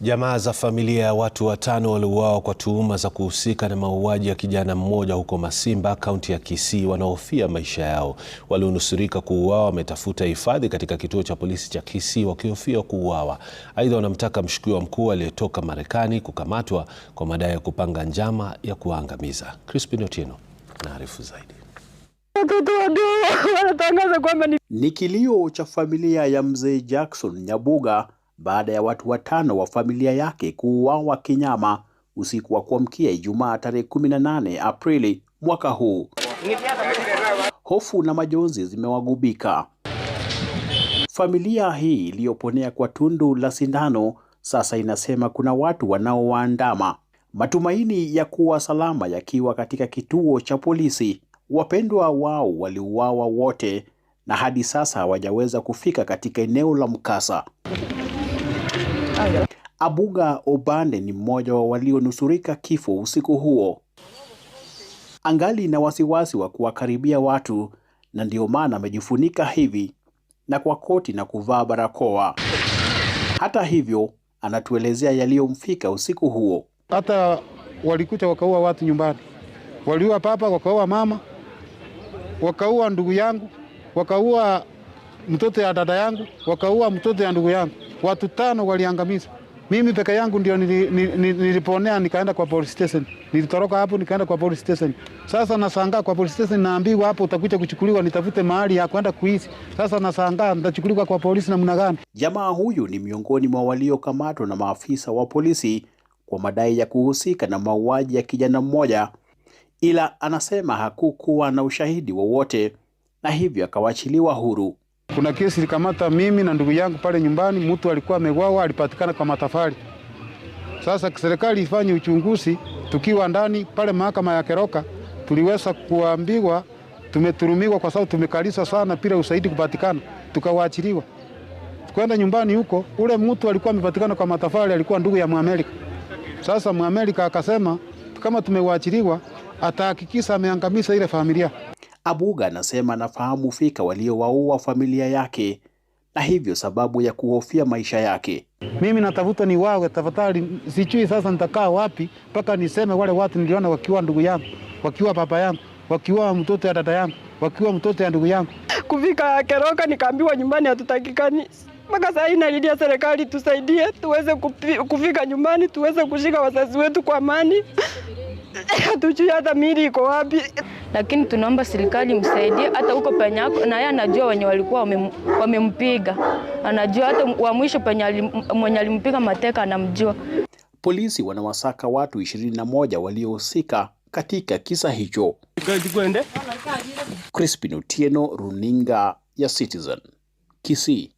Jamaa za familia ya watu watano waliouawa kwa tuhuma za kuhusika na mauaji ya kijana mmoja huko Masimba, kaunti ya Kisii, wanahofia maisha yao. Walionusurika kuuawa wametafuta hifadhi katika kituo cha polisi cha Kisii wakihofia kuuawa. Aidha, wanamtaka mshukiwa mkuu aliyetoka Marekani kukamatwa kwa madai ya kupanga njama ya kuwaangamiza. Crispin Otieno anaarifu zaidi. Ni kilio cha familia ya mzee Jackson Nyabuga baada ya watu watano wa familia yake kuuawa kinyama usiku wa kuamkia Ijumaa tarehe 18 Aprili mwaka huu. Hofu na majonzi zimewagubika familia hii iliyoponea kwa tundu la sindano. Sasa inasema kuna watu wanaowaandama, matumaini ya kuwa salama yakiwa katika kituo cha polisi. Wapendwa wao waliuawa wote na hadi sasa hawajaweza kufika katika eneo la mkasa. Abuga Obande ni mmoja wa walionusurika kifo usiku huo. Angali na wasiwasi wa kuwakaribia watu na ndio maana amejifunika hivi na kwa koti na kuvaa barakoa. Hata hivyo, anatuelezea yaliyomfika usiku huo. Hata walikuta wakaua watu nyumbani, waliua papa, wakaua mama, wakaua ndugu yangu, wakaua mtoto ya dada yangu, wakaua mtoto ya ndugu yangu watu tano waliangamizwa. Mimi peke yangu ndio niliponea nikaenda kwa police station. Nilitoroka hapo nikaenda kwa police station. Sasa nasangaa kwa police station naambiwa hapo utakuja kuchukuliwa nitafute mahali ya kwenda kuishi. Sasa nasangaa nitachukuliwa kwa polisi namna gani? Jamaa huyu ni miongoni mwa waliokamatwa na maafisa wa polisi kwa madai ya kuhusika na mauaji ya kijana mmoja, ila anasema hakukuwa na ushahidi wowote na hivyo akawachiliwa huru. Kuna kesi ilikamata mimi na ndugu yangu pale nyumbani, mtu alikuwa amewawa, alipatikana kwa matafari. Sasa serikali ifanye uchunguzi. Tukiwa ndani pale mahakama ya Keroka, tuliweza kuambiwa tumeturumiwa kwa sababu tumekalisa sana bila usaidi kupatikana, tukawaachiliwa kwenda nyumbani huko. Ule mtu alikuwa amepatikana kwa matafali, alikuwa ndugu ya Mwamerika. Sasa Mwamerika akasema kama tumewaachiliwa atahakikisha ameangamiza ile familia. Abuga anasema anafahamu fika waliowaua familia yake na hivyo sababu ya kuhofia maisha yake. Mimi natafuta ni wawe tafadhali, sijui sasa nitakaa wapi mpaka niseme wale watu niliona wakiua ndugu yangu, wakiwa baba yangu, wakiua mtoto ya dada yangu, wakiua mtoto ya ndugu yangu. Kufika Keroka nikaambiwa nyumbani hatutakikani mpaka saa hii nalilia serikali tusaidie, tuweze kufika nyumbani, tuweze kushika wazazi wetu kwa amani. hatujui hata mili iko wapi, lakini tunaomba serikali msaidie hata huko penye ako na yeye anajua wenye walikuwa wamempiga, anajua hata wa mwisho penye mwenye alimpiga mateka anamjua. Polisi wanawasaka watu ishirini na moja waliohusika katika kisa hicho. Crispin Otieno, runinga ya Citizen, Kisii.